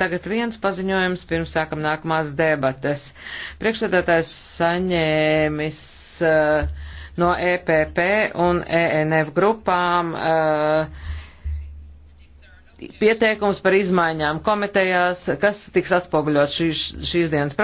tagad viens paziņojums, pirms sākam nākamās debates. Priekšsēdētājs saņēmis uh, no EPP un ENF grupām uh, pieteikums par izmaiņām komitejās, kas tiks atspoguļot šīs, šīs dienas.